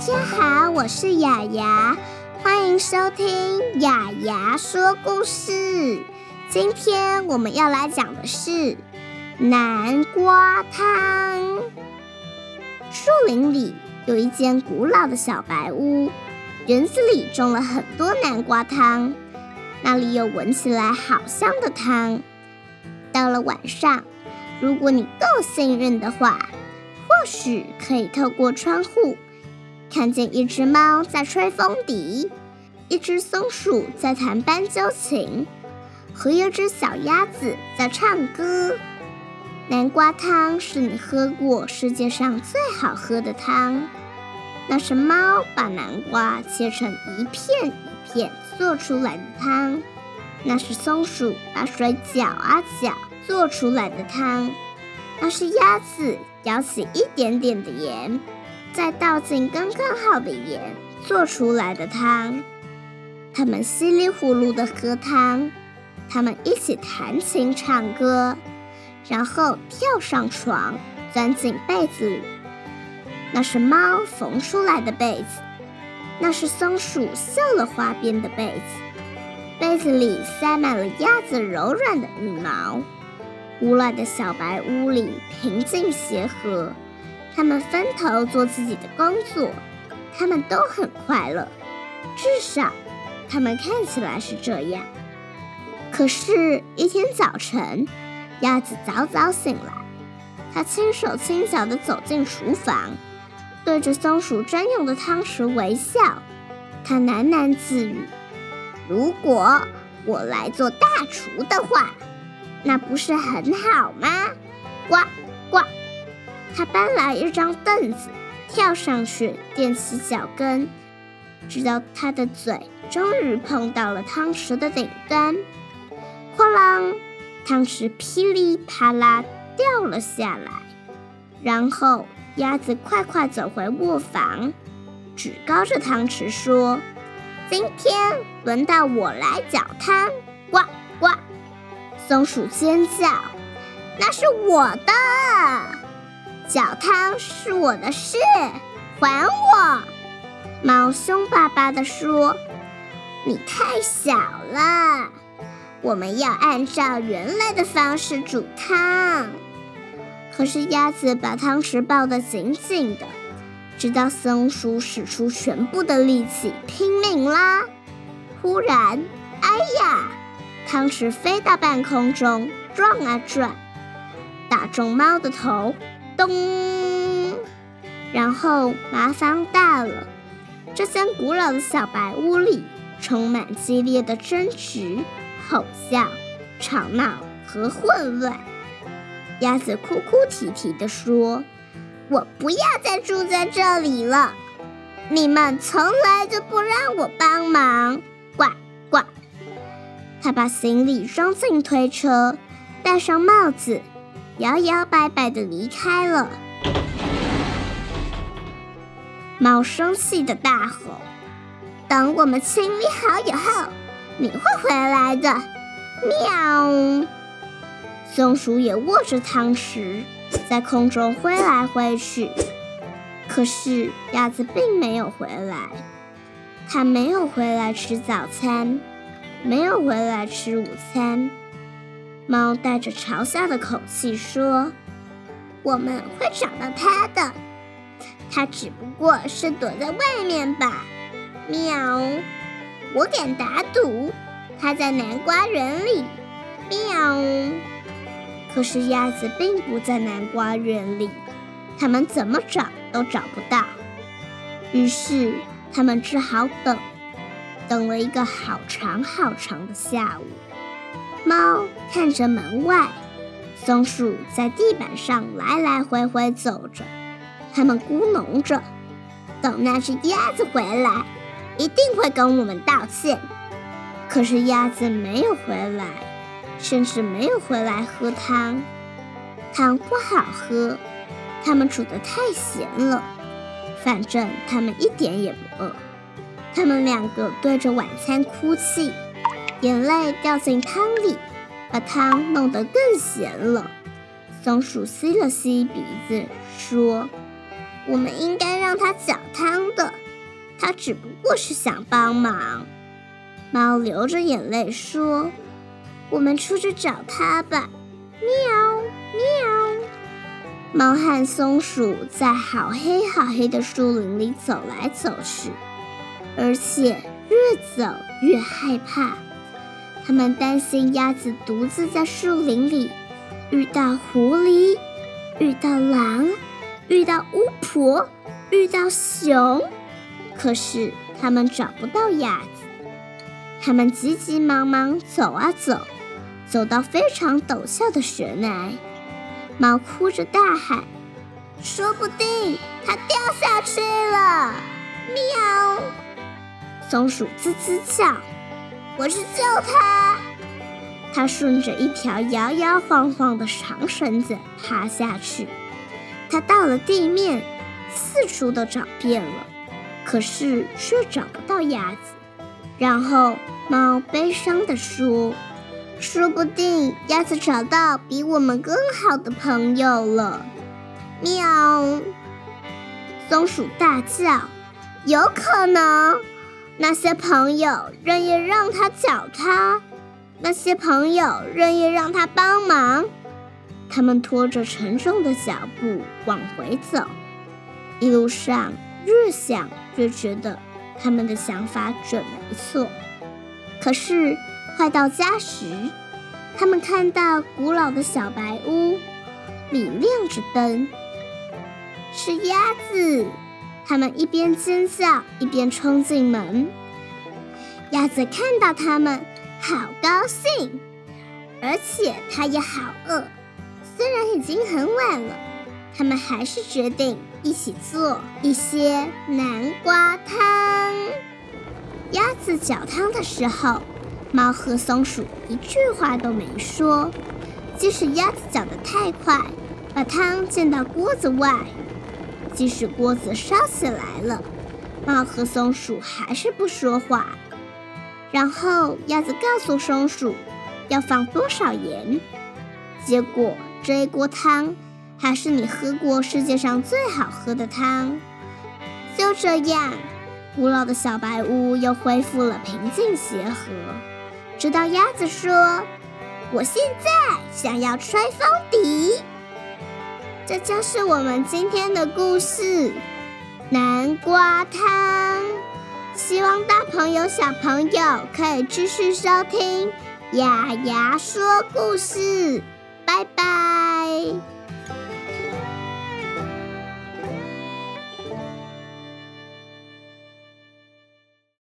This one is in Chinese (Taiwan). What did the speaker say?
大家好，我是亞亞，歡迎收聽亞亞說故事。今天我們要來講的是南瓜湯。樹林裡有一間古老的小白屋，園子裡種了很多南瓜湯，那裡有聞起來好香的湯。到了晚上，如果你夠幸運的話，或許可以透過窗戶。看見一隻貓在吹風笛，一隻松鼠在彈斑鳩琴，和一隻小鴨子在唱歌。南瓜湯是你喝過世界上最好喝的湯，那是貓把南瓜切成一片一片做出來的湯，那是松鼠把水攪啊攪做出來的湯，那是鴨子舀起一點點的鹽。再倒進剛剛好的鹽，做出來的湯。他們稀里呼嚕地喝湯，他們一起彈琴唱歌，然後跳上床，鑽進被子裡。那是貓縫出來的被子，那是松鼠繡了花邊的被子。被子裡塞滿了鴨子柔軟的羽毛。溫暖的小白屋裡，平靜祥和。他們分頭做自己的工作，他們都很快樂，至少他們看起來是這樣。可是，一天早晨，鴨子早早醒來，它輕手輕腳地走進廚房，對着松鼠專用的湯匙微笑。它喃喃自語：“如果我來做大廚的話，那不是很好嗎？”呱呱。他搬來一張凳子，跳上去，踮起腳跟，直到他的嘴終於碰到了湯匙的頂端。哐啷，湯匙噼裡啪啦掉了下來。然後鴨子快快走回臥房，舉高着湯匙說：“今天輪到我來攪湯。”“呱呱！”松鼠尖叫：“那是我的！”攪湯是我的事，還我！貓凶巴巴地說：“你太小了，我們要按照原來的方式煮湯。”可是鴨子把湯匙抱得緊緊的，直到松鼠使出全部的力氣拼命拉。忽然，哎呀！湯匙飛到半空中，轉啊轉，打中貓的頭。咚！然後麻煩大了。這間古老的小白屋裡充滿激烈的爭執、吼叫、吵鬧和混亂。鴨子哭哭啼啼啼地說：“我不要再住在這裡了！你們從來就不讓我幫忙。”呱呱！他把行李裝進推車，戴上帽子。搖搖擺擺地離開了。貓生氣地大吼：“等我們清理好以後，你會回來的。”喵。松鼠也握着湯匙在空中揮來揮去，可是鴨子並沒有回來。它沒有回來吃早餐，沒有回來吃午餐。貓帶着嘲笑的口氣說：“我們會找到它的，它只不過是躲在外面吧。喵！我敢打賭，它在南瓜園裡。喵！可是鴨子並不在南瓜園裡，它們怎麼找都找不到。於是，它們只好等，等了一個好長好長的下午。”貓看着門外，松鼠在地板上來來回回走着。它們咕噥着，等那隻鴨子回來，一定會跟我們道歉。可是鴨子沒有回來，甚至沒有回來喝湯。湯不好喝，他們煮得太鹹了。反正他們一點也不餓。他們兩個對着晚餐哭泣。眼淚掉進湯裡，把湯弄得更鹹了。松鼠吸了吸鼻子，說：“我們應該讓他攪湯的，他只不過是想幫忙。”貓流着眼淚說：“我們出去找他吧。”喵喵。貓和松鼠在好黑好黑的樹林裡走來走去，而且越走越害怕。他們擔心鴨子獨自在樹林裡遇到狐狸，遇到狼，遇到巫婆，遇到熊。可是他們找不到鴨子，他們急急忙忙走啊走，走到非常陡峭的懸崖，貓哭着大喊：“說不定它掉下去了！”喵，松鼠吱吱叫。我去救它。它順着一條搖搖晃晃的長繩子爬下去。它到了地面，四處都找遍了，可是卻找不到鴨子。然後貓悲傷地說：“說不定鴨子找到比我們更好的朋友了。”喵！松鼠大叫：“有可能。”那些朋友任意讓他攪他，那些朋友任意讓他幫忙，他們拖着沉重的腳步往回走，一路上越想越覺得他們的想法準沒錯。可是快到家時，他們看到古老的小白屋裡亮着燈，是鴨子。他們一邊尖叫一邊衝進門。鴨子看到他們，好高興，而且它也好餓。雖然已經很晚了，他們還是決定一起做一些南瓜湯。鴨子攪湯的時候，貓和松鼠一句話都沒說。就是鴨子攪得太快，把湯濺到鍋子外。即使鍋子燒起來了，貓和松鼠還是不說話。然後鴨子告訴松鼠要放多少鹽。結果這一鍋湯還是你喝過世界上最好喝的湯。就這樣，古老的小白屋又恢復了平靜祥和。直到鴨子說：“我現在想要吹風笛。”這就是我們今天的故事，南瓜湯。希望大朋友、小朋友可以繼續收聽亞亞說故事，拜拜。